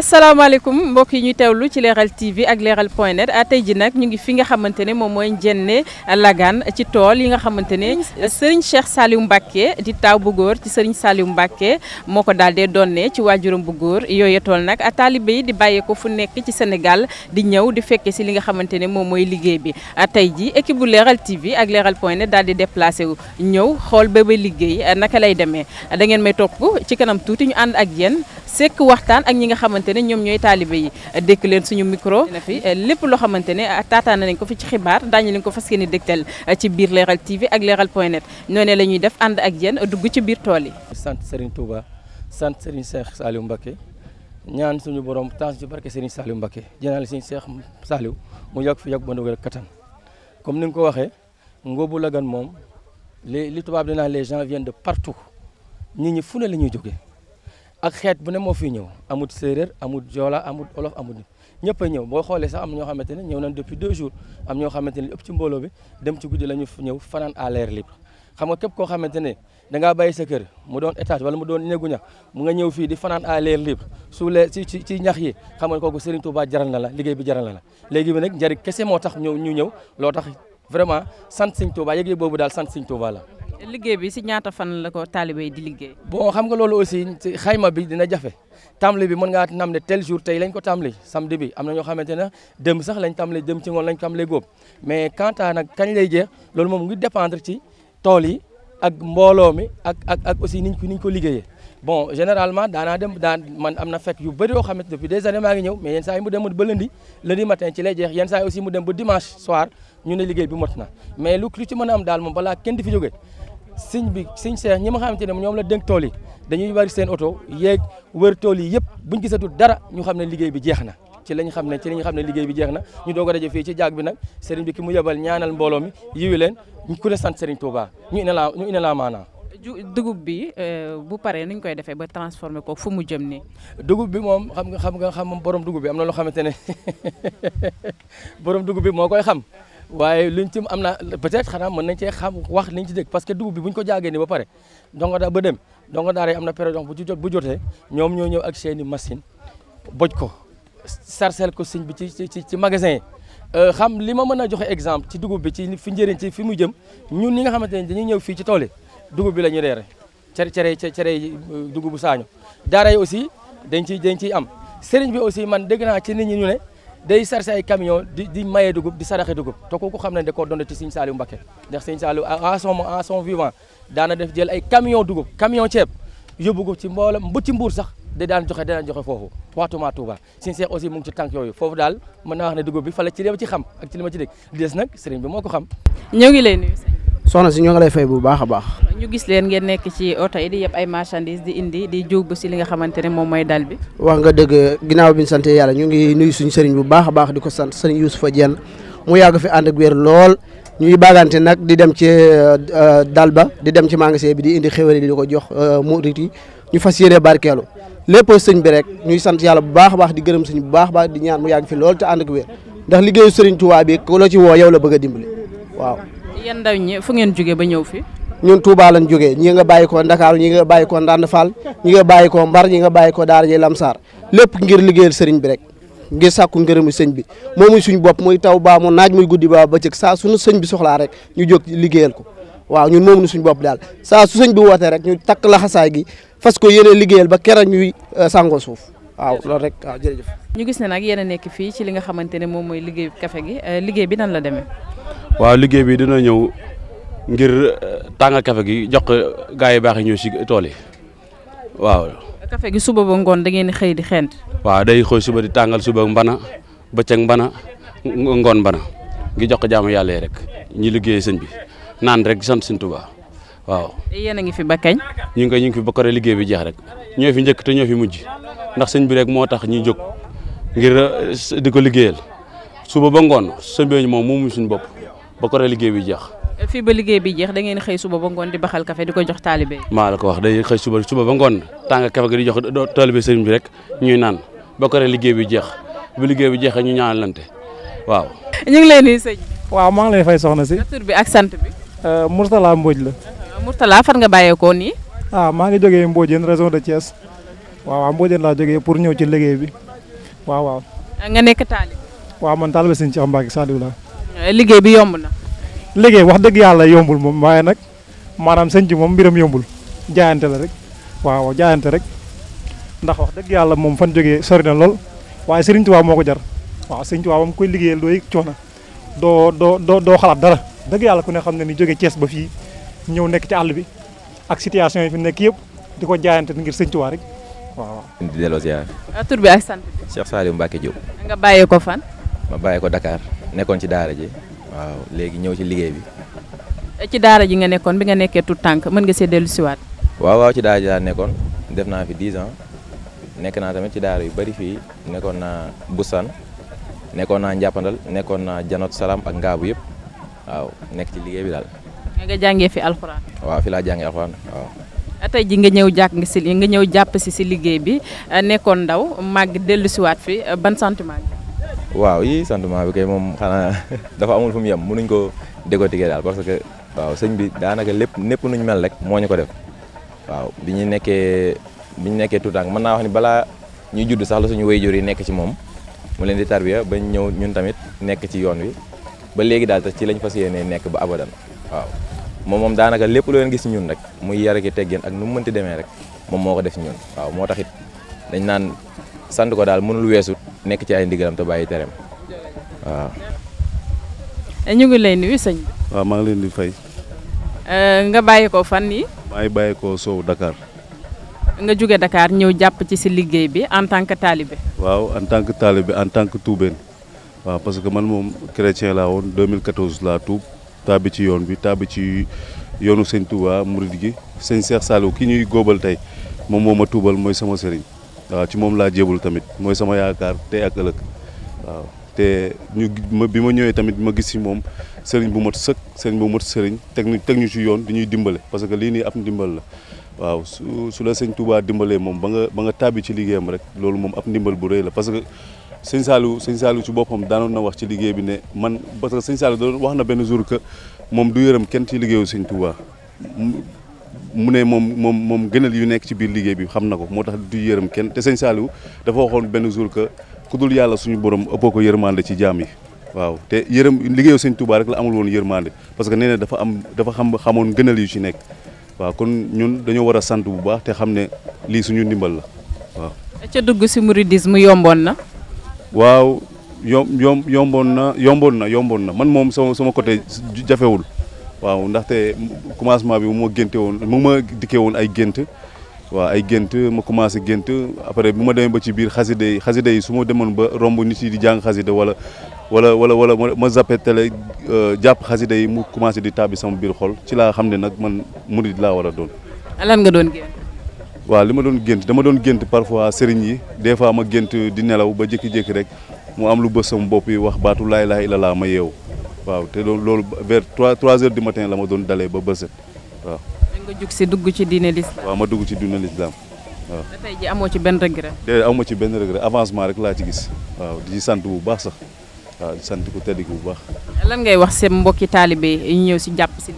asalaamaaleykum mbokk yi ñu teew lu ci leeral TV ak leeral point net tey ji nag ñu ngi fi nga xamante ne moom mooy Ndiéné lagan ci tool yi nga xamante ne Serigne Cheikh Saliou Mbacké di taaw bu góor ci Serigne Saliou Mbacké moo ko daal dee doonee ci waajuram bu góor yooyu tool nag taalibe yi di bàyyeeko fu nekk ci Sénégal di ñëw di fekke si li nga xamante ne moom mooy liggéey bi tey ji équipe bu leeral TV ak leeral point net daal di déplacé wu ñëw xool ba ba liggéey naka lay demee da ngeen may topp ci kanam tuuti ñu ànd ak yéen waxtaan ak ñi nga xamante xamante ne ñoom ñooy taalibe yi dékk leen suñu micro fi eh, lépp loo xamante ne ah, taataana nañ ko fi ci xibaar daañu leen ko fas yéene dégtal eh, ci biir Leral TV ak Leral point net noonu la ñuy def ànd ak a dugg ci biir tool yi sant Serigne Touba sant Serigne Cheikh Saliou Mbacké ñaan suñu borom temps ci barke Serigne Saliou Mbacké jënaale Serigne Cheikh Saliou mu yokk fi yokk ba ndugal kattan comme ni nga ko waxee Ngobou Lagane moom li li tubaab dinaa les gens viennent de partout nit ñi fu la ñuy jógee ak xeet bu ne moo fi ñëw amut séeréer amut joola amut olof amut ñëpp a ñëw boo xoolee sax am ñoo xamante ne ñëw nañ depuis deux jours am ñoo xamante ne ëpp bi dem ci guddi la ñu ñëw fanaan à l'air libre xam nga képp koo xamante ne danga ngaa bàyyi sa kër mu doon étage wala mu doon néegu ñax mu nga ñëw fii di fanaan à l'air libre su lee ci ci ci ñax yi xam nga kooku Serigne Touba jaral na la liggéey bi jaral na la léegi bi nag njëriñ kese moo tax ñëw ñu ñëw loo tax vraiment sant Serigne Touba yëg boobu daal sant Serigne Touba liggéey bi si ñaata fan la ko taalibe yi di liggéey. bon xam ga loolu aussi xayma bi dina jafe tàmbali bi mën ngaa nam ne tel jour tey lañ ko tàmbali samedi bi am na ñoo xamante ne dem sax lañ tàmbali dem ci ngoon lañ tàmbali góob mais quant à nag kañ lay jeex loolu moom ngi dépendre ci tool yi ak mbooloo mi ak ak ak aussi niñ ko niñ ko liggéeyee. bon généralement daanaa dem daan man am na fekk yu bëri yoo xamante depuis des années maa ngi ñëw mais yenn saa yi mu ba lundi lundi matin ci lay jeex mais lu lu ci mën a moom balaa kenn di fi jógee sëñ bi sëñ Cheikh ñi ma xamante ne ñoom la dénk tool yi dañuy bari seen oto yeeg wër tool yi yëpp buñ gisatu dara ñu xam ne liggéey bi jeex na ci lañ xam ne ci lañ xam ne liggéey bi jeex na ñu doog a daje fii ci jaag bi nag sëriñ bi ki mu yebal ñaanal mbooloo mi yiwi leen ku ne sant sëriñ Touba ñu ina la ñu ina la maanaa dugub bi euh, bu paree nuñ koy defee ba transformé ko fu mu jëm nii. dugub bi moom xam nga xam nga xam borom dugub bi am na loo xamante ne borom dugub bi moo koy xam waaye luñ ci am na peut-être xanaa mën nañ cee xam wax liñ ci dégg parce que dugub bi buñ ko jaagee ni ba pare ndongo daa ba dem ndongo daara am na période bu ci jot bu jote ñoom ñoo ñëw ak seen i machine boj ko sarcel ko siñ bi ci ci ci magasin yi euh, xam li ma mën a joxe exemple ci dugub bi ci fi njëriñ ci fi mu jëm ñun ñi nga xamante ne dañuy ñëw fii ci tool yi dugub bi la ñu reere cere cere dugub euh, dugubu saañu daara yi aussi dañ ciy dañ ciy am sëriñ bi aussi man dégg naa ci nit ñi ñu ne day sarse ay camion di di maye dugub di saraxe dugub te kooku xam nañ da koo donte ci Serigne Saliou Mbacké ndax Serigne Saliou à son vivant daana def jël ay camion dugub camion ceeb yóbbu ko ci mboolem ba ci mbuur sax da daan joxe da daan joxe foofu waxtuma Touba Serigne Cheikh aussi mu ngi ci tànk yooyu foofu daal mën naa wax ne dugub bi fa la ci li ma ci xam ak ci li ma ci dégg des nag Serigne bi moo ko xam. ñoo ngi lay nuyu soxna si ñoo ngi lay fay bu baax a baax. ñu gis leen ngeen nekk ci oto yi di yëpp ay marchandises di indi di ba si li nga xamante ne moom mooy dal bi. wax nga dëgg ginnaaw bi ñu sant yàlla ñu ngi nuyu suñu sëriñ bu baax a baax di ko sant sëriñ Youssoufa Diène mu yàgg fi ànd wér lool ñuy bagante nag di dem ci euh, dal ba di dem ci magasin bi di indi xéwal di ko jox euh, murit yi ñu fas yéene barkeelu lépp sëñ bi rek ñuy sant yàlla bu baax a baax di gërëm sëñ bu baax a baax di ñaan mu yàgg fi lool te ànd ak wér ndax liggéeyu sëriñ Tuubaa bi ku la ci woo yow la bëgg a dimbali waaw yéen ndaw ñi fu ngeen jógee ba ñëw fi ñun Touba lañ jógee ñi nga bàyyi ko Ndakaaru ñi nga bàyyi ko Ndande ñi nga bàyyi ko Mbar ñi nga bàyyi ko Daara ji Lamsaar lépp ngir liggéeyal sëriñ bi rek ngir sàkku mu sëñ bi moomu muy suñ bopp muy taw baa mu naaj muy guddi baa ba cëg saa suñu sëñ bi soxlaa rek ñu jóg liggéeyal ko waaw ñun moom nu suñ bopp daal saa su sëñ bi wootee rek ñu takk laxasaay gi fas ko yéene liggéeyal ba keroog ñuy euh, sàngoo suuf waaw loolu rek waaw jërëjëf ñu gis ne nag yéen nekk fii ci li nga xamante ne moom mooy liggéeyu café gi euh, liggéey bi nan la demee. waaw liggéey bi dina ñëw ngir euh, tànga kafe gi jox gaa yi baax yi ñëw si tool yi waaw. café gi suba ba ngoon da ngeen di xëy di xeent. waaw day xëy suba di tàngal suba mbana bëccëg mbana ngoon mbana ngi jox ko jaamu yàlla rek ñi liggéey sëñ bi naan rek sant sëñ Tuubaa waaw. yéen a ngi fi ñu ngi ko ñu ngi ba kore liggéey bi jeex rek ñoo fi njëkk te ñoo fi mujj ndax sëñ bi rek moo tax ñuy jóg. ngir eh, di ko liggéeyal suba ba ngoon sëñ bi moom mu suñu bopp ba ko liggéey bi jeex. fii ba liggéey bi jeex da ngeen xëy suba ba ngoon di baxal kafe di ko jox taalibe maa la ko wax day xëy suba suba ba ngoon tàng kafe gi di jox taalibe sëriñ bi rek ñuy naan ba ko liggéey bi jeex bu liggéey bi jeexee ñu ñaanalante waaw. ñu ngi lay nuyu sëñ waaw maa ngi fa fay soxna si. tur bi ak sant bi. Eh, Mourtala Mbodj la. Ah, Mourtala fan nga bàyyeekoo nii. ah maa ngi jógee Mbodjeen région de Thiès waaw Mbodjeen laa jógee pour ñëw ci liggéey bi waaw waaw. nga nekk taalibe. waaw man taalibe sëñ Cheikh Mbacke Saliou la. Eh, liggéey bi yomb na. liggéey wax dëgg yàlla yombul moom waaye nag maanaam sëñ bi moom mbiram yombul jaayante la rek waaw jaayante rek ndax wax dëgg yàlla moom fan jógee sori na lool waaye Serigne Touba moo ko jar waaw Serigne Touba moom koy liggéey doo yëg coono doo doo doo doo xalaat dara dëgg yàlla ku ne xam ne ni jógee Thiès ba fii ñëw nekk ci àll bi ak situation yi fi nekk yëpp di ko jaayante ngir Serigne Touba rek Cheikh Saliou Mbacke Diop. nga bàyyee ko fan. ma bàyyee ko Dakar nekkoon ci daara ji waaw léegi ñëw ci liggéey bi. ci daara ji nga nekkoon bi nga nekkee tout tànk mën nga see dellu siwaat waaw waaw ci daara ji laa nekkoon def naa fi 10 ans nekk naa tamit ci daara yu bari fii nekkoon naa Boussan nekkoon naa Njàppandal nekkoon naa Janot Salam ak Ngaabu yëpp waaw nekk ci liggéey bi daal. nga jàngee fi alxuraan. waaw fi laa jàngee alxuraan waaw. Euh, tey ji nga ñëw jàkk nga si nga ñëw jàpp si si liggéey bi euh, nekkoon ndaw màgg dellusiwaat fi euh, ban sentiment waaw yii sentiment bi kay moom xanaa dafa amul fu mu yem mënuñ ko décortiquer parce que waaw sëñ bi daanaka lépp népp nuñ mel rek moo ñu ko def waaw bi ñu nekkee bi ñu nekkee tuutànk mën naa wax ni balaa ñu judd sax la suñu wayjur yi nekk ci moom mu leen di tarbiya ba ñëw ñun tamit nekk ci yoon wi ba léegi daal te ci lañ fas yéenee nekk ba abadan waaw moom moom daanaka lépp loo gi si ñun rek muy yar ki teggeen ak nu mu mënti demee rek moom moo ko def ñun waaw moo tax dañ naan sant ko daal mënul weesu nekk ci ay ndigalam te bàyyi tereem waaw. Eh, ñu ngi lay maa ngi leen di fay. Eh, nga bàyyi ko fan yi maa ngi Sow Dakar. jóge Dakar ñëw jàpp ci si liggéey bi en tant que talibé. waaw en tant que talibé en tant que waaw parce que man moom chrétien laa woon 2014 laa tuub. tàbbi ci yoon bi tàbbi ci yoonu sëñ Touba murid gi sëñ Cheikh Saliou ki ñuy góobal tey moom moom ma tuubal mooy sama sëriñ waaw ci moom laa jébul tamit mooy sama yaakaar tey ak ëllëg waaw te ñu bi ma ñëwee tamit ma gis ci moom sëriñ bu mat sëkk sëriñ bu mat sëriñ teg ñu teg yoon di ñuy dimbale parce que lii nii ab ndimbal la waaw su su la sëñ Touba dimbalee moom ba nga ba nga tàbbi ci liggéeyam rek loolu moom ab ndimbal bu rëy la sëñ Saliou sëñ Saliou ci boppam daanoon na wax ci liggéey bi ne man parce que sëñ Saliou doon wax na benn jour que moom du yërëm kenn ci liggéeyu sëñ Touba mu ne moom moom moom gënal yu nekk ci biir liggéey bi xam na ko moo tax du yërëm kenn te sëñ Saliou dafa waxoon benn jour que yàlla suñu borom ëppoo ko yërmande ci jaam yi waaw te yërëm liggéeyu sëñ Touba rek la amul woon yërmande parce que nee na dafa am dafa xam xamoon gënal yu ci nekk waaw kon ñun dañoo war a sant bu baax te xam ne lii suñu ndimbal la waaw. ca dugg si mouridisme yomboon na. waaw yom yom yomboon na yomboon na yomboon na man moom sama sama côté jafewul waaw ndaxte commencement bi mu génte woon mu ma dikke woon ay gént waaw ay gént ma commencé gént après bu ma demee ba ci biir xasida yi xasida yi su ma demoon ba romb nit yi di jàng xasida wala wala wala wala ma zappe télé euh, jàpp xasida yi mu commencé di tàbbi sama biir xol ci laa xam ne nag man murid laa war a doon. lan nga doon gént. waaw li ma doon gént dama doon gént parfois sëriñ yi des fois ma gént di nelaw ba jékki-jékki rek mu am lu bës sama bopp yi wax baatu laay laay ilalaa ma yeewu waaw te loolu vers trois trois heures di matin la ma doon dalee ba bësët waaw. si dugg ci diine l'islam. waaw ma dugg ci diine l'islam waaw. ba ji amoo ci benn regret. déedéet amoo ci benn regret avancement rek laa ci gis di sant bu baax sax waaw di sant ku tedd lan ngay wax seen mbokki taalibe yi si jàpp si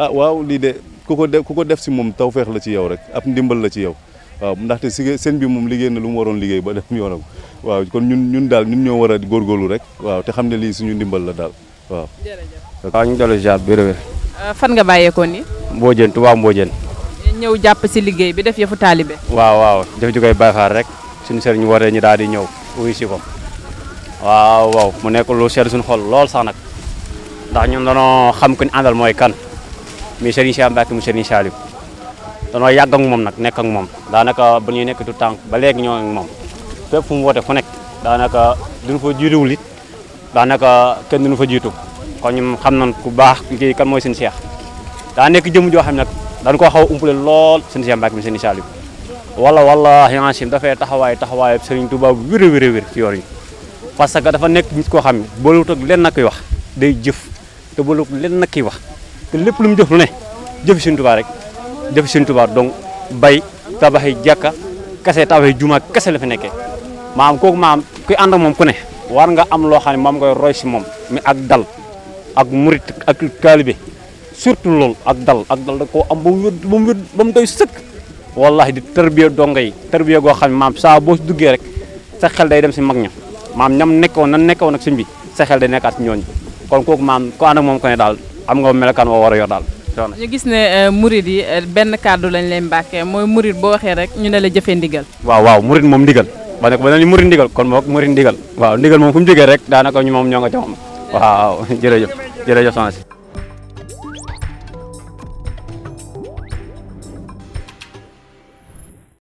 ah, waaw lii de. ku ko def ku ko def si moom tawfeex la ci yow rek ab ndimbal la ci yow waaw ndaxte si na lu mu waroon liggéey ba dem yoonam waaw kon ñun ñun war a góorgóorlu rek waaw te xam ne la daal waaw. jërëjëf waaw ñu dellu ziar bi euh, fan nga bàyyeekoo nii. Mbodiène Touba Mbodiène. ñëw jàpp si liggéey bi def yëfu taalibe. waaw waaw def ju koy bayfaar rek suñu sëriñ ñu waree ñu daal di ñëw wuyu ko waaw waaw mu nekk lu seet suñu xol lool sax nag ndax ñun dañoo xam ku ñu àndal mooy kan muy Serigne Cheikh Mbacke mu Serigne Saliou danoo yàgg ak moom nag nekk ak moom daanaka ba ñuy nekk du tànk ba léegi ñoo moom fépp fu mu woote fu nekk daanaka duñu fa jiituwul daanaka kenn duñu fa jiitu kon ñun xam nañ ku baax kii kan mooy seen Cheikh daa nekk jëm joo xam ne nag dañ koo xaw a umpale lool Serigne Cheikh Mbacke mu Serigne Saliou wala wala yangacim dafay taxawaay taxawaayu Serigne Touba bu wér a wér a wér ci yoon yi parce que dafa nekk nit koo xam ne boolewut ak lenn na koy wax day jëf te boolewut na koy wax te lépp lu mu jëf lu ne jëfi Sëñ Tuubaa rek jëfi Sëñ Tuubaa donc bay tabaxi jàkka kese tabaxi jumaa kese la fi nekkee maam kooku maam kuy ànd moom ku ne war nga am loo xam ne moom ngay si moom mi ak dal ak murit ak taalibe surtout loolu ak dal ak dal da koo am ba mu wér ba mu wér ba mu doy sëkk yi tarbiya goo xam ne maam saa boo si rek sa xel day dem si mag ña maam ñam nekkoon nan nekkoon ak sëñ bi sa xel day nekkaat si ñooñu kon kooku maam moom ko ne daal am nga melokaan woo war a yor daal. ñu gis ne euh, murid yi euh, benn kàddu lañ leen mbàkkee mooy murid boo waxee rek ñu ne la jëfee ndigal. waaw waaw murid moom ndigal ba ne ko ba ne ni murid ndigal kon moom murid ndigal waaw ndigal moom fu mu jógee rek daanaka ñu moom ñoo nga ca moom waaw jërëjëf jërëjëf soxna